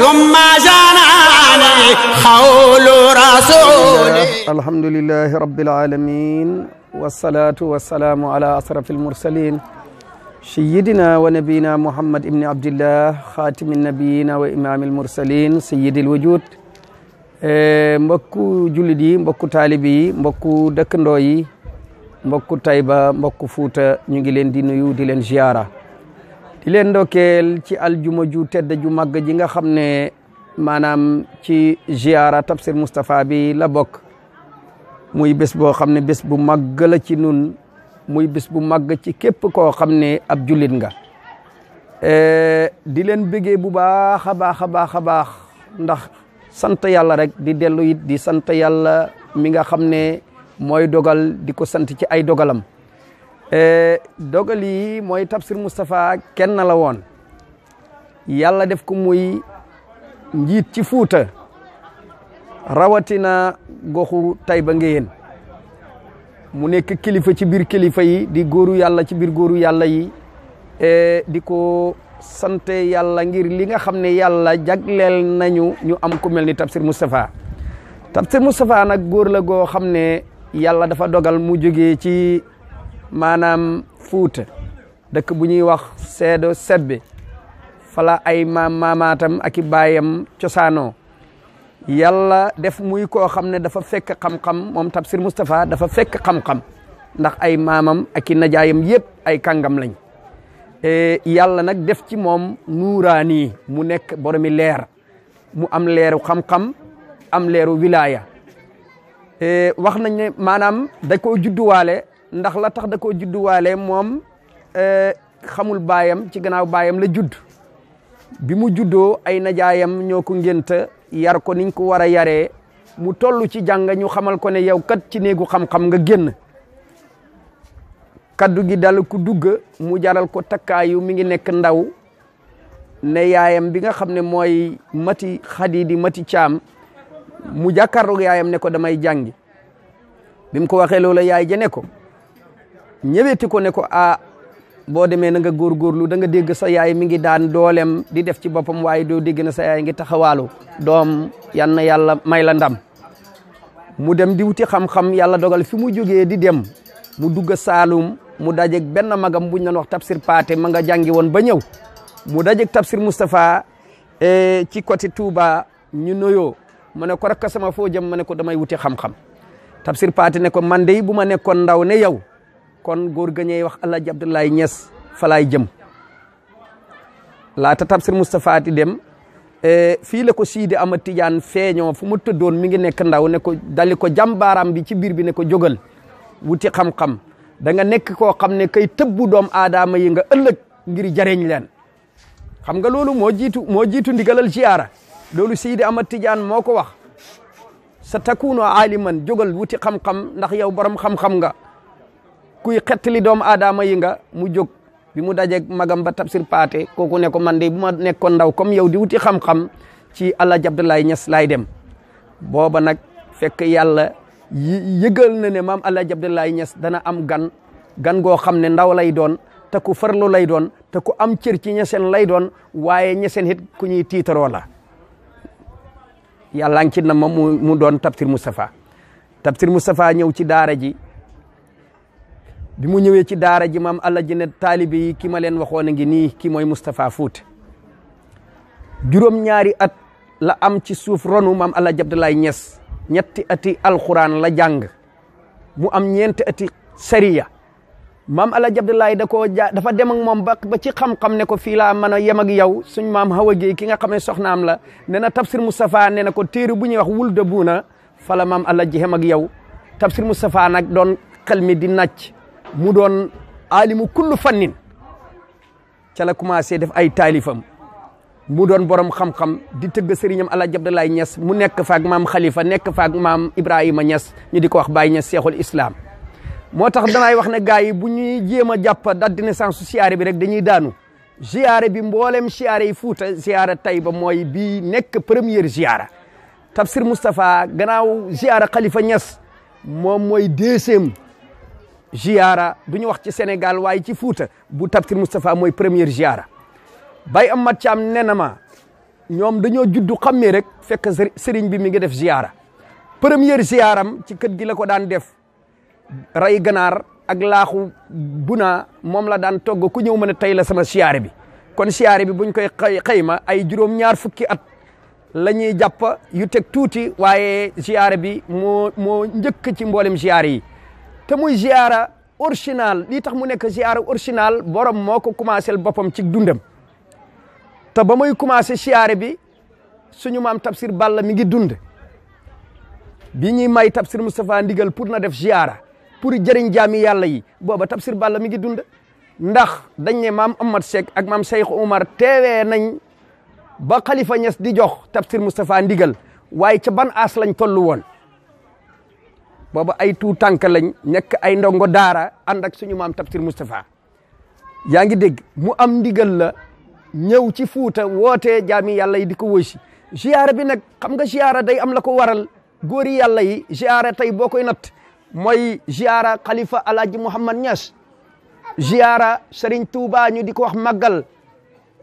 ثم جناني حول رسولي الحمد لله رب العالمين والصلاة والسلام على أشرف المرسلين سيدنا ونبينا محمد ابن عبد الله خاتم النبيين وإمام المرسلين سيد الوجود mbokku jullit yi mbokku taalib yi mbokku dëkkandoo yi mbokku Tayba mbokku Fuuta ñu ngi leen di nuyu di leen ziyaara di leen ndokkeel ci aljuma ju tedd ju màgg ji nga xam ne maanaam ci ziara Tafsir Moustapha bi la bokk muy bés boo xam ne bés bu màgg la ci nun muy bés bu màgg ci képp koo xam ne ab jullit nga e, di leen bëggee bu baax a baax a baax a baax ndax sant yàlla rek di dellu it di sant yàlla mi nga xam ne mooy dogal di ko sant ci ay dogalam Eh, dogal yi mooy Tafsir Moustapha kenn la woon yàlla def ko muy njiit ci Fuuta rawatina goxu Tayba Ngéyeen mu nekk kilifa ci biir kilifa yi di góoru yàlla ci biir góoru yàlla yi eh, di ko sant yàlla ngir li nga xam ne yàlla jagleel nañu ñu am ku mel ni Tafsir Moustapha Tafsir Moustapha nag góor la goo xam ne yàlla dafa dogal mu jógee ci maanaam Fuuta dëkk bu ñuy wax seedo sebbe fala ay maam maamaatam ak i baayam cosaanoo yàlla def muy koo xam ne dafa fekk xam-xam moom Tafsir Moustapha dafa fekk xam-xam ndax ay maamam aki najaayam yëpp ay kàngam lañ e, yàlla nag def ci moom nuuraani mu nekk boromi leer mu am leeru xam-xam am leeru wilaaya e, wax nañ ne maanaam da koo judduwaale ndax la tax da koo judduwaale moom eh, xamul baayam ci gannaaw baayam la juddu bi mu juddoo ay najaayam ñoo ko ngénta yar ko niñ ko war a yaree mu toll ci jàng ñu xamal ko ne yow kat ci néegu xam-xam nga génn kaddu gi dal ku dugg mu jaral ko takkaayu mi ngi nekk ndaw ne yaayam bi nga xam ne mooy mati xadi di mati caam mu jàkkaarloog yaayam ne ko damay jàngi bi mu ko waxee loola yaay ja ne ko ñëweeti ko ne ko a ah, boo demee na nga góorgóorlu da nga dégg sa yaay mi ngi daan doolem di def ci boppam waaye doo dégg na sa yaay ngi taxawaalu doom yan na yàlla may la ndam mu dem di wuti xam-xam yàlla dogal fi mu jógee di dem mu dugg Saalum mu dajeeg benn magam buñ doon wax Tafsir Paate ma nga jàngi woon ba ñëw mu dajeeg Tafsir Moustapha eh, ci côté Touba ñu noyoo ma ne ko rakk sama foo jëm ma ne ko damay wuti xam-xam Tafsir Paate ne ko man de bu ma nekkoon ndaw ne yow kon góor gañey wax El Hadj Abdoulaye Niass falaay jëm laata Tafsir Moustapha di dem e, fii la ko Sidi ama Tidiane feeñoo fu mu tëddoon mi ngi nekk ndaw ne ko dali ko jàmbaaraam bi ci biir bi ne ko jógal wuti xam-xam danga nga nekk koo xam ne kay tëbbu doom aadama yi nga ëllëg ngir jariñ leen xam nga loolu moo jiitu moo jiitu ndigalal ziyaara loolu Sidi ama tijaan moo ko wax sa takunu aliman jógal wuti xam-xam ndax yow borom xam-xam nga kuy xettali doomu aadama yi nga mu jog bi mu dajeeg magam ba Tafsir Paate kooku ne ko man de bu ma nekko ndaw comme yow di wuti xam-xam ci Alaaji Abdoulaye Niass laay dem booba nag fekk yàlla yëgal na ne maam Alaaji Abdoulaye Niass dana am gan gan goo xam ne ndaw lay doon te ku farlu lay doon te ku am cër ci ñeseen lay doon waaye ñeseen it ku ñuy tiitaroo la yàlla ngi ci na ma mu doon Tafsir Moustapha Tafsir Moustapha ñëw ci daara ji bi mu ñëwé ci daara ji mam allah ji talibi yi ki ma leen waxoon ngi ni ki moy mustafa foot ñaari at la am ci suuf ronu mam allah jabdallah Niass ñetti ati alquran la jang mu am ñent ati Sharia mam allah jabdallah da ko ja dafa dem ak mom ba ba ci xam-xam ne ko fi la mën ak yow suñ mam Hawa Gueye ki nga xamé soxnaam la na tafsir mustafa nee na ko téré bu ñu wax wul de fala mam allah jihem ak yow tafsir Mustafa nak doon xel di nacc mu doon alimu kullu fannin ca la commencé def ay taalifam mu doon borom xam-xam di tëgg sëriñam Alaaji Abdoulaye Niass mu nekk fak mam Khalifa nekk faak maam Ibrahima Niass ñu di ko wax Baye Niass Cheikhul Islam moo tax danaay wax ne gars yi bu ñuy jéem a jàpp date de naissance bi rek dañuy daanu siyaare bi mboolem siyaare yi Fuuta siyaara Tayba mooy bii nekk première siyaara Tafsir Moustapha gannaaw siyaara kalifa Niass moom mooy deuxième ziyaara du ñu wax ci Sénégal waaye ci Fuuta bu Tafsir Moustapha mooy première ziyaara bay am mat caam nee na ma ñoom dañoo juddu xammee rek fekk sëriñ bi mi ngi def ziyaara première ziyaaram ci kër gi la ko daan def ray ganaar ak laaxu buna moom la daan togg ku ñëw ma ne tey la sama siyaare bi kon siyaare bi buñ koy ma ay juróom ñaar fukki at la ñuy jàpp yu teg tuuti waaye siyaare bi moo moo njëkk ci mboolem siyaare yi te muy ziara original lii tax mu nekk ziara original borom moo ko commencé boppam ci dundam te ba muy commencé ziara bi suñu maam Tafsir Balla mi ngi dund bi ñuy may Tafsir Moustapha ndigal pour na def ziara pour jëriñ jaami yàlla yi booba Tafsir Balla mi ngi dund ndax dañ ne maam Amad Seck ak maam Cheikh Oumar teewee nañ ba kalifa Niass di jox Tafsir Moustapha ndigal waaye ca ban aas lañ toll woon. boobu ay tuut tànk lañ nekk ay ndongo daara ànd ak suñu maam Tafsir Moustapha yaa ngi dégg mu am ndigal la ñëw ci Fuuta woote jaami yàlla yi di ko wësi ziyaara bi nag xam nga ziyaara day am la ko waral góori yàlla yi ziyaara tey boo koy natt mooy ziyaara kalifa El Hadj Mouhamad Niass ziyaara Serigne Touba ñu di ko wax màggal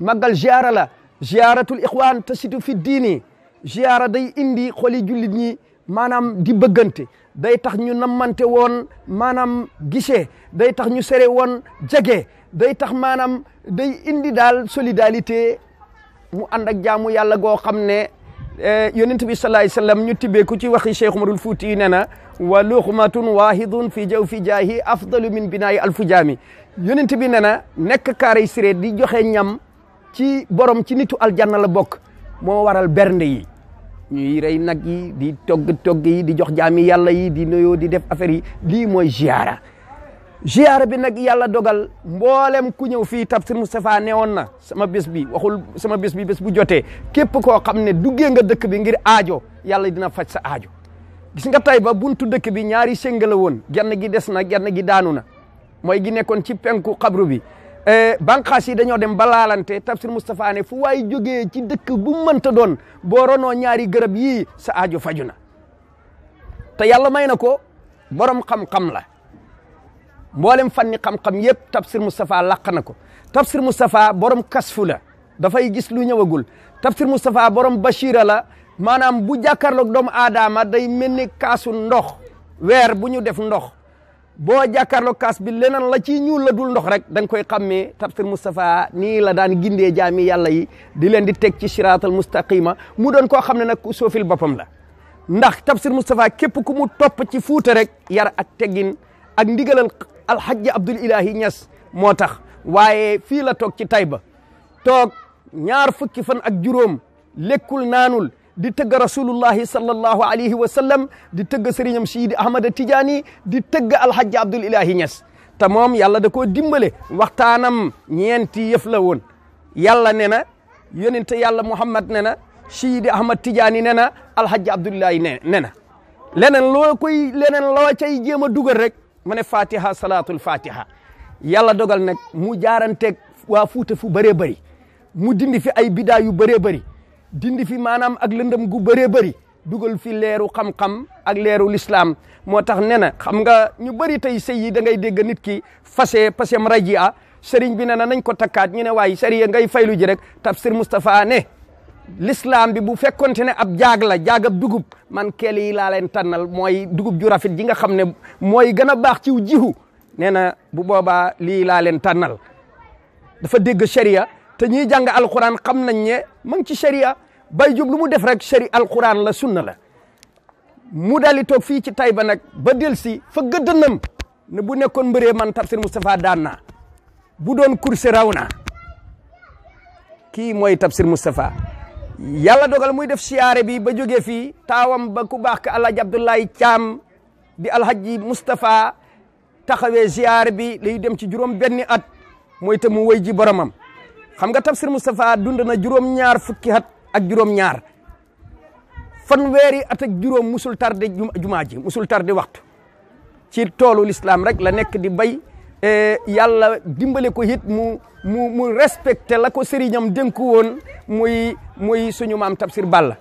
màggal ziyaara la ziyaaratul ikhwaan tasitu fi diini ziyaara day indi xoli jullit ñi maanaam di bëggante day tax ñu nammante woon maanaam gisee day tax ñu sere woon jege day tax maanaam day indi daal solidarité mu ànd ak jaamu yàlla goo xam ne eh, yonent bi salaay sallam ñu tibbee ku ci waxi Cheikh Umarul Fuuti ne na wa luqmatun wahidun fi jaw fi jaahi afdalu min binaayi alfu jaami yonent bi ne na nekk kaare siré di joxe ñam ci borom ci nitu aljanna la bokk moo waral bernde yi ñuy rey nag yi di togg togg yi di jox jaami yàlla yi di nuyoo di def affaire yi lii mooy ziara ziara bi nag yàlla dogal mboolem ku ñëw fii Tafsir Moustapha newoon na sama bés bi waxul sama bés bi bés bu jotee képp koo xam ne duggee nga dëkk bi ngir aajo yàlla dina faj sa aajo gis nga tey ba buntu dëkk bi ñaari séngala woon genn gi des na genn gi daanu na mooy gi nekkoon ci penku xabru bi Eh, banqaas yi dañoo dem ba laalante tafsir Moustapha ne fu waaye jógee ci dëkk bu mënta doon boo ronoo ñaari garab yii sa aajo faju na te yàlla may na ko borom xam-xam la mboolem fànni xam-xam yëpp tafsir Moustapha làq na ko tafsir Moustapha borom kasfu la dafay gis lu ñëwagul tafsir Moustapha borom Bachira la maanaam bu jàkkaarloog doomu aadama day mel ni kaasu ndox weer bu ñu def ndox boo jàkkaarloo kaas bi leneen la ci ñuul la dul ndox rek da koy xàmmee Tafsir Moustapha nii la daan gindee jaami yàlla yi di leen di teg ci siraatal mustaqima mu doon koo xam ne nag ku soofil boppam la ndax Tafsir Moustapha képp ku mu topp ci fuuta rek yar ak teggin ak ndigalal alhajji Abdul Ilahi Ñas moo tax waaye fii la toog ci Tayba toog ñaar fukki fan ak juróom lekkul naanul di tëgg rasulullahi sallallahu alayhi wa sallam di tëgg sëriñam Sidi Ahmad Tidiane di tëgg alhaji Abdul Ilahi Niass te moom yàlla da koo dimbale waxtaanam ñeenti yëf la woon yàlla ne na yonente yàlla Muhammad ne na Sidi Ahmad Tidiane ne na alhaji Abdul Ilahi ne ne na leneen loo leneen loo cay jéem a dugal rek mu ne fatiha salatul fatiha yàlla dogal nag mu jaaranteeg waa fuuta fu bëree bëri mu dindi fi ay bidaa yu bëree bëri dindi fi maanaam ak lëndëm gu bëree bëri dugal fi leeru xam-xam ak leeru lislam moo tax nee na xam nga ñu bëri tey sëy yi da ngay dégg nit ki fase pasem raji a sëriñ bi ne na nañ ko takkaat ñu ne waaye sëriñ ngay faylu ji rek tafsir Moustapha ne l'islam bi bu fekkonte ne ab jaag la dugub man keel yi laa leen tànnal mooy dugub ju rafet ji nga xam ne mooy gën a baax ciw jihu nee na bu boobaa lii laa leen tànnal dafa dégg sharia te ñiy jàng alquran xam nañ ne ma ngi ci sharia bay jub lu mu def rek shari alquran la sunna la mu daal di toog fii ci Taïba nag ba del si fa gëddënam ne bu nekkoon mbëree man tafsir Moustapha daan naa bu doon course raw naa kii mooy tafsir Moustapha yàlla dogal muy def siyaare bi ba jógee fii taawam ba ku baax ka alhaji Abdoulaye Thiam bi alhaji Moustapha taxawee siyaare bi lay dem ci juróom benni at mooy te mu wëy ji boromam xam nga tafsir Moustapha dund na juróom-ñaar fukki at ak juróom-ñaar fanweeri at ak juróom musul tarde jumaa ji musul tarde waxtu ci toolu l'islam rek la nekk di bay e, yàlla dimbale ko it mu mu respecté la ko sëriñam dénku woon muy muy suñu maam tafsir Balla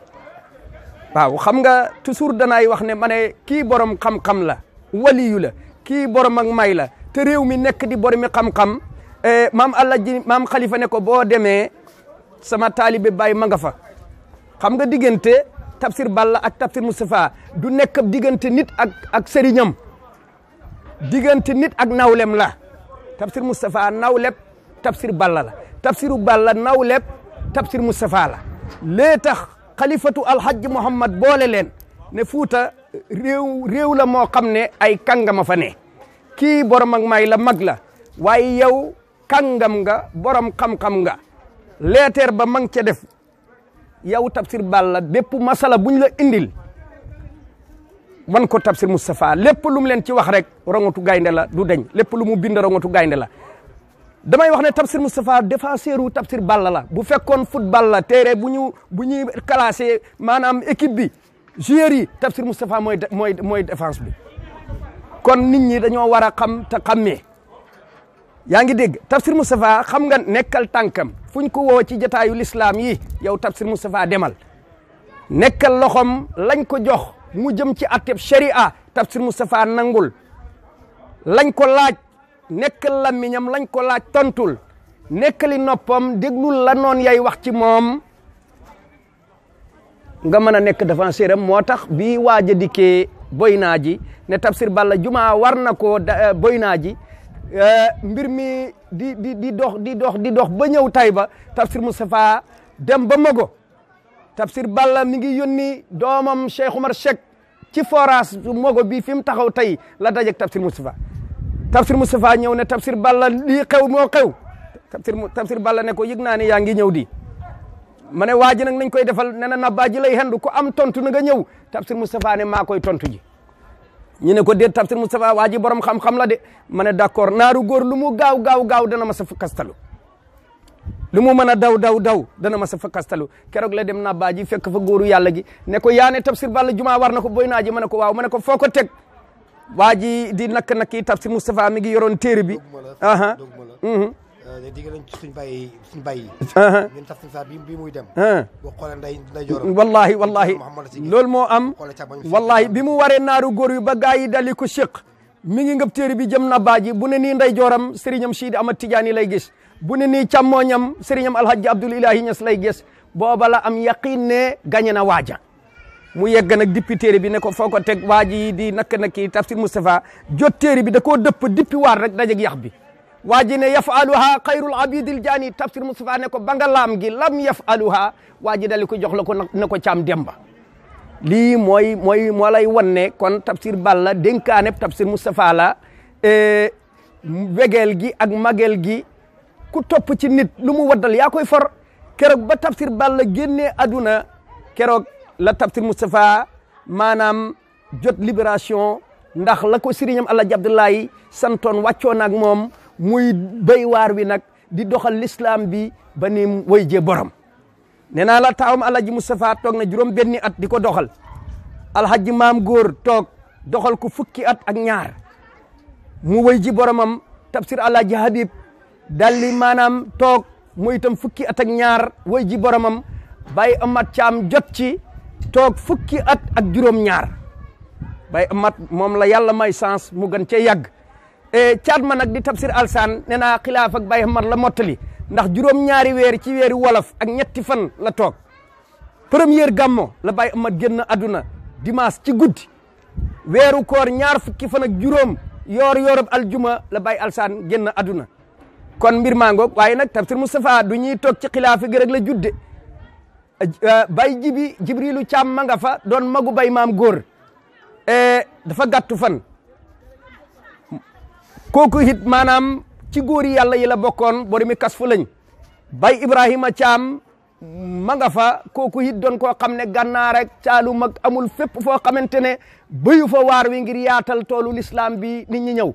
waaw xam nga toujours danaay wax ne ma ne kii borom xam-xam la waliyu la kii borom ak may la te réew mi nekk di boromi xam-xam maam Alaaji maam Khalifa ne ko boo demee sama taalibe Baye ma nga fa xam nga diggante Tafsir Balla ak Tafsir Moustapha du nekk diggante nit ak ak sëriñam diggante nit ak nawlem la Tafsir Moustapha nawleb Tafsir Balla la Tafsiru Balla nawleb Tafsir Moustapha la lee tax xalifatu alhajji Mouhamad boole leen ne Fuuta réew réew la moo xam ne ay kàngama fa ne kii borom ak may la mag la waaye yow kangam nga borom xam-xam nga leeteer ba mang ci def yaw tafsir balla bepp masala buñ la indil wan ko tafsir mustafa lepp lu mu leen ci wax rek rongatu gaynde la du deñ lepp lu mu bind rongatu gaynde la damay wax ne tafsir Moustapha défenseuru tafsir balla la bu fekkoon football la téré buñu buñu classer manam équipe bi joueur yi tafsir mustafa moy moy moy défense bi kon nit ñi dañoo wara xam ta xamé yaa ngi dégg Tafsir Moustapha xam nga nekkal tànkam fu ko woo ci jataayu lislaam yi yow Tafsir Moustapha demal nekkal loxom lañ ko jox mu jëm ci atteb sharia Tafsir Moustapha nangul lañ ko laaj nekkal làmmiñam lañ ko laaj tontul nekkali noppam déglul la noon yay wax ci moom nga mën a nekk défenseur moo tax bi waaj a dikkee boy naa ji ne Tafsir Balla Juma war na koo eh, boy naa ji Eh, mbir mi di di di dox di dox di dox ba ñëw Taïba Tafsir Moustapha dem ba Mago Tafsir Balla mi ngi yónni doomam Cheikh Oumar Cheikh ci forage Mago bi fi mu taxaw tey la dajeeg Tafsir Moustapha Tafsir Moustapha ñëw ne Tafsir Balla lii xew moo xew Tafsir Tafsir Balla ne ko yëg naa ne yaa ngi ñëw di ma ne waa ji nag nañ koy defal ne na nabaa ji lay hendu ko am tontu na nga ñëw Tafsir Moustapha ne maa koy tontu ji. ñu ne ko déet tafsir Moustapha waa ji borom xam-xam la de ma ne d' accord naaru góor lu mu gaaw gaaw gaaw dana ma sa fakkastalu lu mu mën a daw daw daw dana masa sa fakkastalu keroog la dem na baa ji fekk fa góoru yàlla gi ne ko yaa ne tafsir Balla Juma war na ko boy naa ji ma ne ko waaw ma ne ko foo ko teg waa ji di nakk nakki tafsir Moustapha mi ngi yoroon téere bi aha digal nañ ci suñ bàyyi suñ bàyyi ñun sax suñ saa bi bi muy dem boo xoolee nday nday jorom wallahi wallahi lool moo am wallahi bi mu waree naaru góor yu ba gaa yi dali ko siq mi ngi téere bi jëm na baaji bu ne nii nday jooram sëriñam Sidi Ahmad Tidiane lay gis bu ne ñam càmmooñam sëriñam Alhaji Abdoul Ilahi ñas lay ges booba la am yaqin ne gañe na waaja mu yegg nag dippi téere bi ne ko foo ko teg waaji di nak na kii tafsir Moustapha jot téere bi da koo dëpp dippi waar rek dajeg yax bi waa ji ne yafaluha xayrul abidil jaani tafsir Moustapha ne ko ba nga laam gi lam yafaluha waa ji dali ko jox la ko na ko caam demba lii mooy mooy moo lay wan ne kon tafsir Balla dénkaane tafsir Moustapha la e, wegeel gi ak mageel gi ku topp ci nit lu mu waddal yaa koy for keroog ba tafsir Balla génnee aduna keroog la tafsir Moustapha maanaam jot libération ndax la ko sëriñam Alaaji Abdoulaye santoon wàccoon nag moom muy béy waar wi nag di doxal l'islam bi ba ni way jee borom nee naa la taawam alhaji Moustapha toog na juróom benni at di ko doxal alhaji maam góor toog doxal ko fukki at ak ñaar mu way ji boromam tafsir alhaji Habib dalli maanaam toog mu itam fukki at ak ñaar way ji boromam bay Amat Caam jot ci toog fukki at ak juróom ñaar Baye Amat moom la yàlla may sens mu gën cee yàgg Eh, caat ma nag di tafsir alsaan nee naa xilaaf ak Baye Amar la mottali ndax juróom-ñaari weer ci weeri wolof ak ñetti fan la toog première gàmmo la Baye Amar génn àdduna dimanche ci guddi weeru koor ñaar fukki fan ak juróom yoor yoorub aljuma la bay alsaan génn àdduna kon mbir maa ngoog waaye nag tafsir Moustapha du ñuy toog ci xilaafa gi la judde eh, bay jibi jibrilu caam ma nga fa doon magu bay maam góor eh, dafa gàttu fan kooku it maanaam ci góor yi yàlla yi la bokkoon bor mi kas fu lañ bay Ibrahima Caam ma nga fa kooku it doon koo xam ne gànnaar rek caalu mag amul fépp foo xamante ne béyu fa wi ngir yatal toolu lislaam bi nit ñi ñëw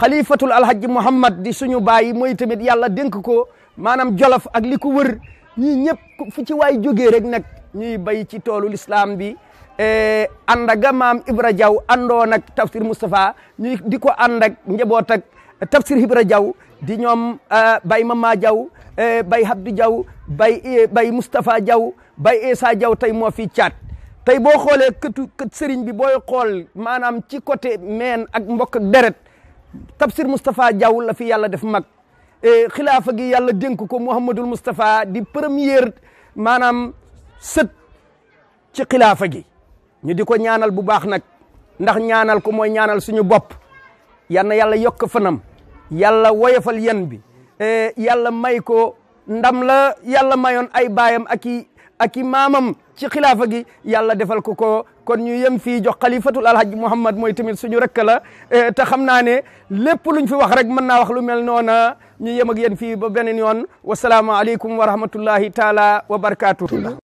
xalifatul alhaji Muhammad di suñu baay mooy tamit yàlla dénk ko maanaam jolof ak li ko wër ñii ñëpp fu ci waay jógee rek nag ñuy bay ci toolu lislaam bi Eh, ànd ak maam Ibra Diaw àndoon ak tafsir Moustapha ñu di ko ànd ak njaboot ak tafsir Ibra Diaw di ñoom eh, bay Mama Diaw eh, bay Habdi Diaw bay bay Moustapha jaw bay Essa jaw tey moo fi caat tey boo xoolee këtu kët bi booy xool maanaam ci côté meen ak mbokk deret tafsir Moustapha Diaw la fi yàlla def mag xilaafa gi yàlla dénk ko Mouhamadul Moustapha di première maanaam sët ci xilaafa gi ñu di ko ñaanal bu baax nag ndax ñaanal ko mooy ñaanal suñu bopp yal na yàlla yokk fanam yàlla woyafal yen bi e, yàlla may ko ndam la yàlla mayoon ay baayam ak i ak i maamam ci xilaafa gi yàlla defal ko ko kon ñu yem fii jox xalifatul alhaji Mouhamad mooy tamit suñu rakk la e, te xam naa ne lépp luñ fi wax rek mën naa wax lu mel noona ñu yem ak yéen fii ba beneen yoon wasalaamaaleykum wa rahmatullahi taala wa barakaatu.